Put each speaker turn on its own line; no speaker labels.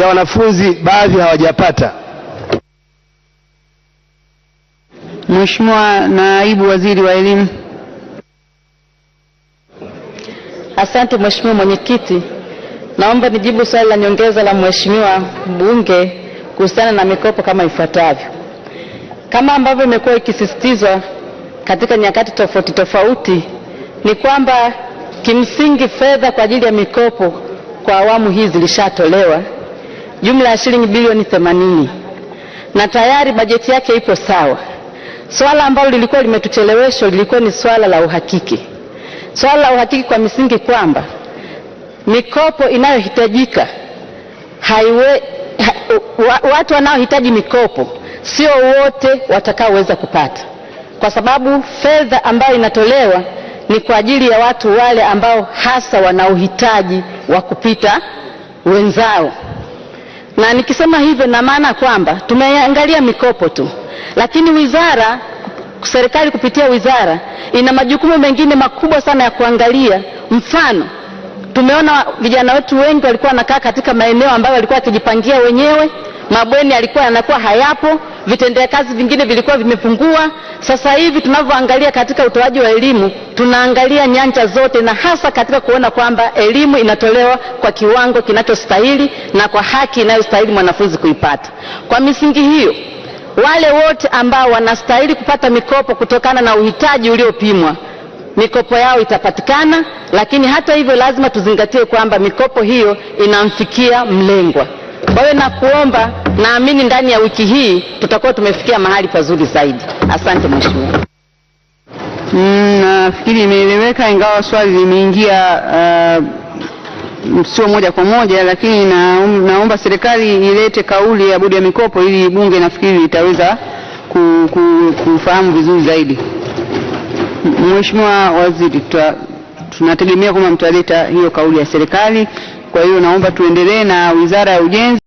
ya wanafunzi baadhi hawajapata.
Mheshimiwa Naibu Waziri wa Elimu.
Asante Mheshimiwa Mwenyekiti, naomba nijibu swali la nyongeza la Mheshimiwa mbunge kuhusiana na mikopo kama ifuatavyo. Kama ambavyo imekuwa ikisisitizwa katika nyakati tofauti tofauti, ni kwamba kimsingi fedha kwa ajili ya mikopo kwa awamu hii zilishatolewa jumla ya shilingi bilioni 80 na tayari bajeti yake ipo sawa. Swala ambalo lilikuwa limetuchelewesha lilikuwa ni swala la uhakiki, swala la uhakiki kwa misingi kwamba mikopo inayohitajika haiwe ha, watu wanaohitaji mikopo sio wote watakaoweza kupata, kwa sababu fedha ambayo inatolewa ni kwa ajili ya watu wale ambao hasa wana uhitaji wa kupita wenzao na nikisema hivyo na maana kwamba tumeangalia mikopo tu, lakini wizara serikali kupitia wizara ina majukumu mengine makubwa sana ya kuangalia. Mfano, tumeona vijana wetu wengi walikuwa wanakaa katika maeneo ambayo walikuwa wakijipangia wenyewe, mabweni yalikuwa yanakuwa hayapo vitendea kazi vingine vilikuwa vimepungua. Sasa hivi tunavyoangalia katika utoaji wa elimu, tunaangalia nyanja zote, na hasa katika kuona kwamba elimu inatolewa kwa kiwango kinachostahili na kwa haki inayostahili mwanafunzi kuipata. Kwa misingi hiyo, wale wote ambao wanastahili kupata mikopo kutokana na uhitaji uliopimwa mikopo yao itapatikana, lakini hata hivyo lazima tuzingatie kwamba mikopo hiyo inamfikia mlengwa. Kwa hiyo nakuomba, naamini ndani ya wiki hii tutakuwa tumefikia mahali pazuri zaidi. Asante mheshimiwa.
Mm, nafikiri imeeleweka, ingawa swali limeingia uh, sio moja kwa moja, lakini na, um, naomba serikali ilete kauli ya bodi ya mikopo ili bunge nafikiri litaweza ku, ku, kufahamu vizuri zaidi. Mheshimiwa Waziri, tunategemea kwamba mtaleta hiyo kauli ya serikali. Kwa hiyo naomba tuendelee na Wizara ya Ujenzi.